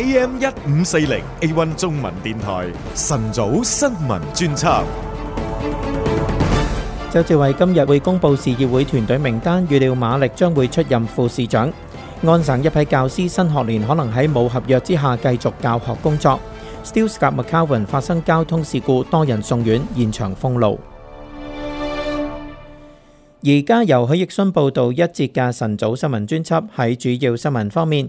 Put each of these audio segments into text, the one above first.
AM 一五四零 A One 中文電台晨早新聞專輯。周志偉今日會公布市議會團隊名單，預料馬力將會出任副市長。安省一批教師新學年可能喺冇合約之下繼續教學工作。Stiles 及 McAvin 發生交通事故，多人送院，現場封路。而家由許奕迅報道一節嘅晨早新聞專輯喺主要新聞方面。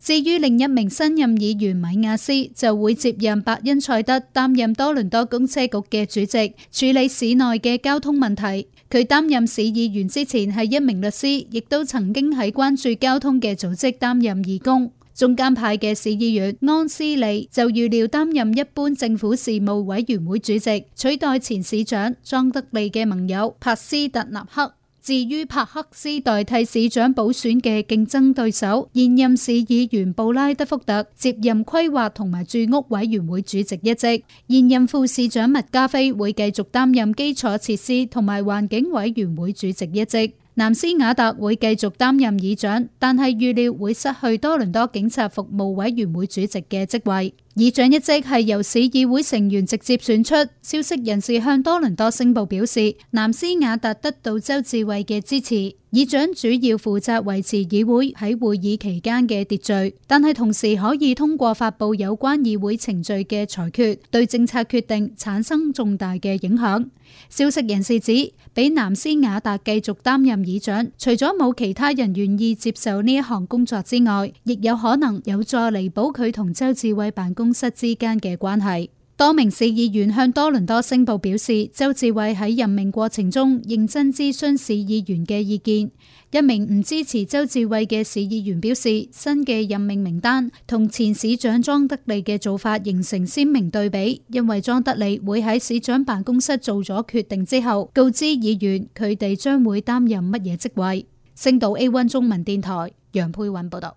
至於另一名新任議員米亞斯就會接任伯恩塞德擔任多倫多公車局嘅主席，處理市內嘅交通問題。佢擔任市議員之前係一名律師，亦都曾經喺關注交通嘅組織擔任義工。中間派嘅市議員安斯利就預料擔任一般政府事務委員會主席，取代前市長莊德利嘅盟友帕斯特納克。至於柏克斯代替市長補選嘅競爭對手，現任市議員布拉德福特接任規劃同埋住屋委員會主席一職，現任副市長麥加菲會繼續擔任基礎設施同埋環境委員會主席一職，南斯瓦特會繼續擔任議長，但係預料會失去多倫多警察服務委員會主席嘅職位。議長一職係由市議會成員直接選出。消息人士向多倫多星報表示，南斯亞達得到周志偉嘅支持。議長主要負責維持議會喺會議期間嘅秩序，但係同時可以通過發佈有關議會程序嘅裁決，對政策決定產生重大嘅影響。消息人士指，俾南斯亞達繼續擔任議長，除咗冇其他人願意接受呢一項工作之外，亦有可能有助彌補佢同周志偉辦公公室之間嘅關係，多名市議員向多倫多星報表示，周志偉喺任命過程中認真諮詢市議員嘅意見。一名唔支持周志偉嘅市議員表示，新嘅任命名單同前市長莊德利嘅做法形成鮮明對比，因為莊德利會喺市長辦公室做咗決定之後，告知議員佢哋將會擔任乜嘢職位。星島 A1 中文電台楊佩韻報道。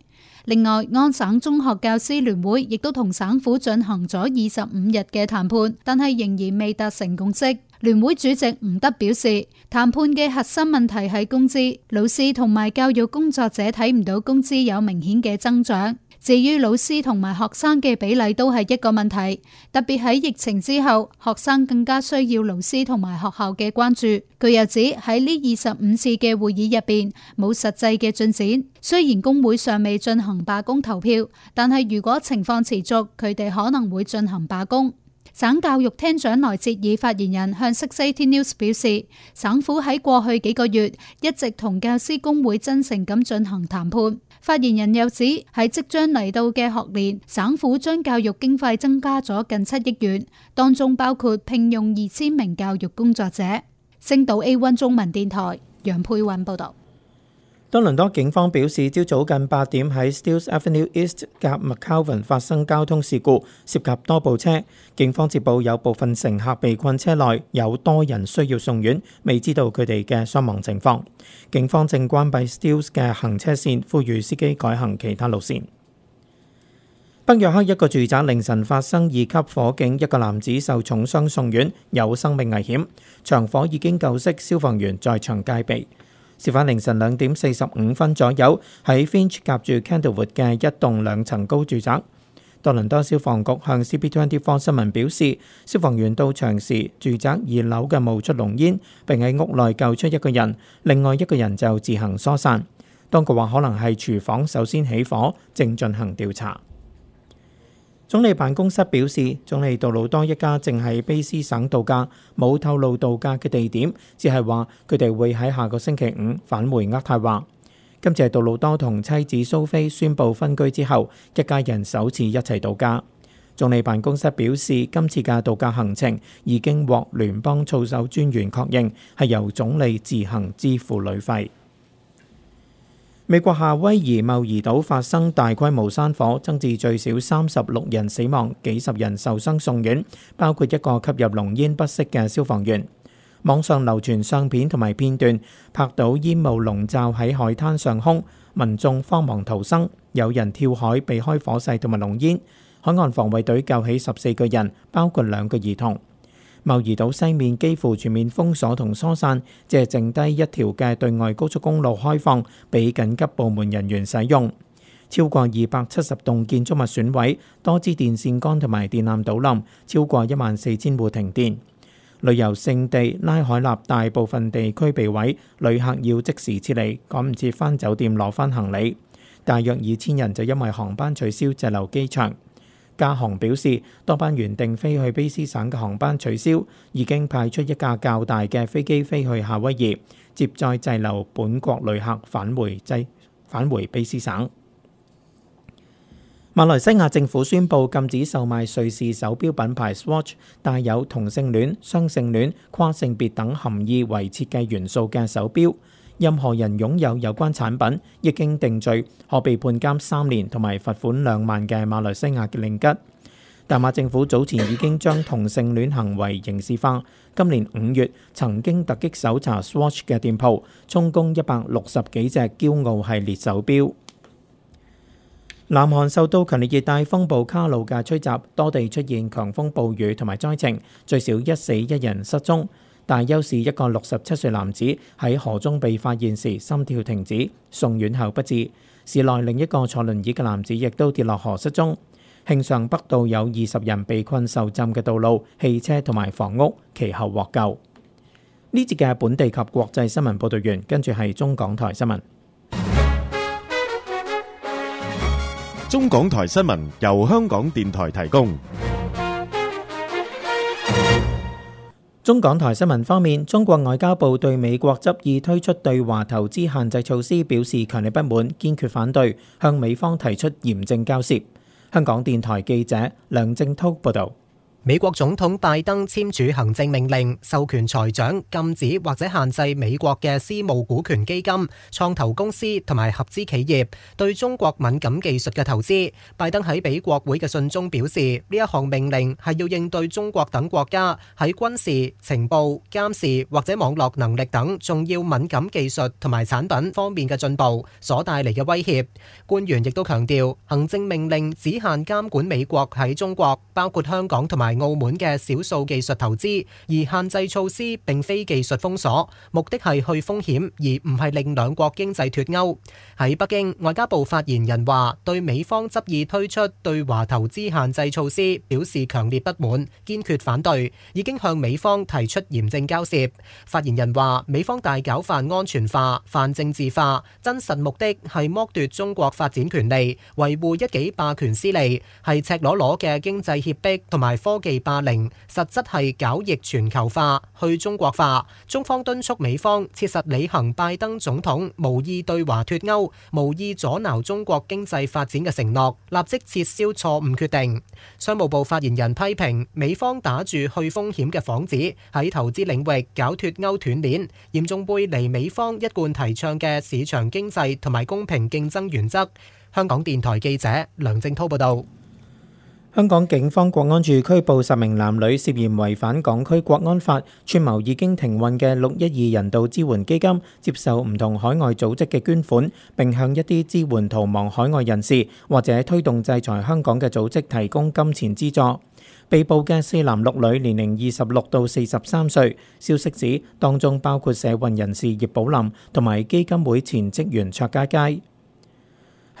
另外，安省中學教師聯會亦都同省府進行咗二十五日嘅談判，但係仍然未達成共識。聯會主席吳德表示，談判嘅核心問題係工資，老師同埋教育工作者睇唔到工資有明顯嘅增長。至於老師同埋學生嘅比例都係一個問題，特別喺疫情之後，學生更加需要老師同埋學校嘅關注。佢又指喺呢二十五次嘅會議入邊冇實際嘅進展，雖然工會尚未進行罷工投票，但係如果情況持續，佢哋可能會進行罷工。省教育廳長萊哲爾發言人向《City News》表示，省府喺過去幾個月一直同教師工會真誠咁進行談判。發言人又指，喺即將嚟到嘅學年，省府將教育經費增加咗近七億元，當中包括聘用二千名教育工作者。星島 A1 中文電台楊佩韻報道。多倫多警方表示，朝早近八點喺 Steeles Avenue East 夾 McCowan 發生交通事故，涉及多部車。警方接報有部分乘客被困車內，有多人需要送院，未知道佢哋嘅傷亡情況。警方正關閉 Steeles 嘅行車線，呼籲司機改行其他路線。北約克一個住宅凌晨發生二級火警，一個男子受重傷送院，有生命危險。場火已經救熄，消防員在場戒備。事發凌晨兩點四十五分左右，喺 Finch 夾住 Candlewood 嘅一棟兩層高住宅，多倫多消防局向 CP24 方新聞表示，消防員到場時，住宅二樓嘅冒出濃煙，並喺屋內救出一個人，另外一個人就自行疏散。當局話可能係廚房首先起火，正進行調查。總理辦公室表示，總理杜魯多一家正喺卑斯省度假，冇透露度假嘅地點，只係話佢哋會喺下個星期五返回渥太華。今次係杜魯多同妻子蘇菲宣布分居之後，一家人首次一齊度假。總理辦公室表示，今次嘅度假行程已經獲聯邦操守專員確認，係由總理自行支付旅費。美國夏威夷茂宜島發生大規模山火，增至最少三十六人死亡，幾十人受傷送院，包括一個吸入濃煙不適嘅消防員。網上流傳相片同埋片段，拍到煙霧籠罩喺海灘上空，民眾慌忙逃生，有人跳海避開火勢同埋濃煙，海岸防衛隊救起十四個人，包括兩個兒童。茂宜島西面幾乎全面封鎖同疏散，借剩低一條嘅對外高速公路開放，俾緊急部門人員使用。超過二百七十棟建築物損毀，多支電線桿同埋電纜倒冧，超過一萬四千戶停電。旅遊勝地拉海納大部分地區被毀，旅客要即時撤離，趕唔切返酒店攞返行李。大約二千人就因為航班取消，滯留機場。加航表示，多班原定飛去卑斯省嘅航班取消，已經派出一架較大嘅飛機飛去夏威夷，接載滯留本國旅客返回，制返回卑斯省。馬來西亞政府宣布禁止售賣瑞士手錶品牌 Swatch 帶有同性戀、雙性戀、跨性別等含意為設計元素嘅手錶。任何人擁有有關產品一經定罪，可被判監三年同埋罰款兩萬嘅馬來西亞嘅令吉。大馬政府早前已經將同性戀行為刑事化。今年五月曾經突擊搜查 Swatch 嘅店鋪，充公一百六十幾隻驕傲系列手錶。南韓受到強烈熱帶風暴卡路嘅吹襲，多地出現強風暴雨同埋災情，最少一死一人失蹤。大邱市一個六十七歲男子喺河中被發現時心跳停止，送院後不治。市內另一個坐輪椅嘅男子亦都跌落河失蹤。慶尚北道有二十人被困受浸嘅道路、汽車同埋房屋，其後獲救。呢節嘅本地及國際新聞報道員，跟住係中港台新聞。中港台新聞由香港電台提供。中港台新聞方面，中國外交部對美國執意推出對華投資限制措施表示強烈不滿，堅決反對，向美方提出嚴正交涉。香港電台記者梁正滔報導。美國總統拜登簽署行政命令，授權財長禁止或者限制美國嘅私募股權基金、創投公司同埋合資企業對中國敏感技術嘅投資。拜登喺俾國會嘅信中表示，呢一項命令係要應對中國等國家喺軍事、情報、監視或者網絡能力等重要敏感技術同埋產品方面嘅進步所帶嚟嘅威脅。官員亦都強調，行政命令只限監管美國喺中國，包括香港同埋。澳門嘅少數技術投資，而限制措施並非技術封鎖，目的係去風險，而唔係令兩國經濟脱鈎。喺北京，外交部發言人話對美方執意推出對華投資限制措施表示強烈不滿，堅決反對，已經向美方提出嚴正交涉。發言人話，美方大搞泛安全化、泛政治化，真實目的係剝奪中國發展權利，維護一己霸權私利，係赤裸裸嘅經濟脅迫同埋科。既霸凌，實質係搞逆全球化、去中國化。中方敦促美方切實履行拜登總統無意對華脫歐、無意阻撓中國經濟發展嘅承諾，立即撤銷錯誤決定。商務部發言人批評美方打著去風險嘅幌子，喺投資領域搞脫歐斷鏈，嚴重背離美方一貫提倡嘅市場經濟同埋公平競爭原則。香港電台記者梁正滔報道。香港警方國安處拘捕十名男女，涉嫌違反港區國安法，串謀已經停運嘅六一二人道支援基金接受唔同海外組織嘅捐款，並向一啲支援逃亡海外人士或者推動制裁香港嘅組織提供金錢資助。被捕嘅四男六女，年齡二十六到四十三歲。消息指，當中包括社運人士葉寶林同埋基金會前職員卓家佳。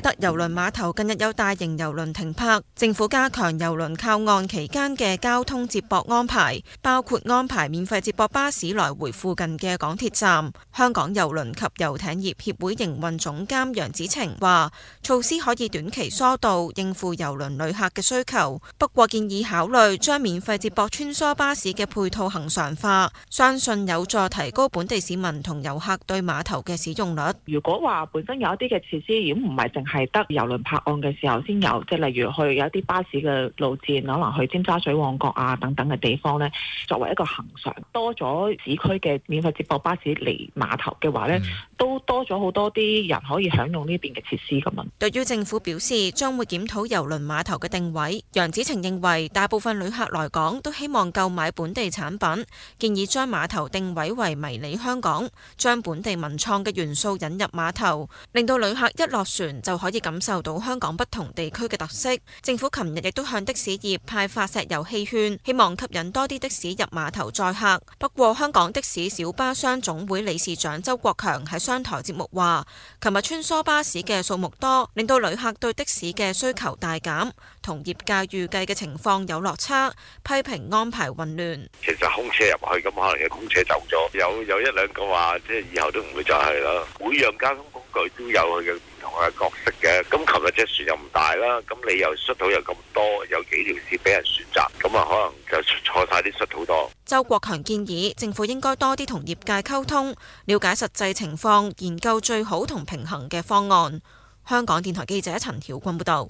啟德郵輪碼頭近日有大型郵輪停泊，政府加強郵輪靠岸期間嘅交通接駁安排，包括安排免費接駁巴士來回附近嘅港鐵站。香港郵輪及遊艇業協會營運總監楊子晴話，措施可以短期疏導應付郵輪旅客嘅需求，不過建議考慮將免費接駁穿梭巴士嘅配套恒常化，相信有助提高本地市民同遊客對碼頭嘅使用率。如果話本身有一啲嘅設施，如果唔係淨。係得遊輪泊岸嘅時候先有，即係例如去有啲巴士嘅路線可能去尖沙咀、旺角啊等等嘅地方咧。作為一個恆常多咗市區嘅免費接駁巴士嚟碼頭嘅話咧，都多咗好多啲人可以享用呢邊嘅設施咁啊。對於政府表示將會檢討郵輪碼頭嘅定位，楊子晴認為大部分旅客來港都希望購買本地產品，建議將碼頭定位為迷你香港，將本地文創嘅元素引入碼頭，令到旅客一落船。就可以感受到香港不同地區嘅特色。政府琴日亦都向的士業派發石油氣券，希望吸引多啲的士入碼頭載客。不過香港的士小巴商總會理事長周國強喺商台節目話，琴日穿梭巴士嘅數目多，令到旅客對的士嘅需求大減，同業界預計嘅情況有落差，批評安排混亂。其實空車入去咁，可能有空車走咗，有有一兩個話，即係以後都唔會再係啦。會讓交通。佢都有嘅唔同嘅角色嘅，咁琴日隻船又唔大啦，咁你又出土又咁多，有幾條線俾人選擇，咁啊可能就錯晒啲出土多。周國強建議政府應該多啲同業界溝通，了解實際情況，研究最好同平衡嘅方案。香港電台記者陳曉君報道。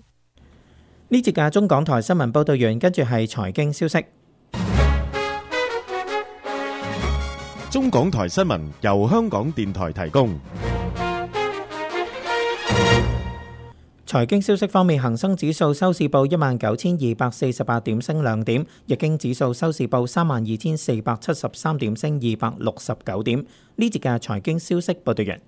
呢節嘅中港台新聞報道完，跟住係財經消息。中港台新聞由香港電台提供。財經消息方面，恒生指數收市報一萬九千二百四十八點，升兩點；日經指數收市報三萬二千四百七十三點，升二百六十九點。呢節嘅財經消息報道完。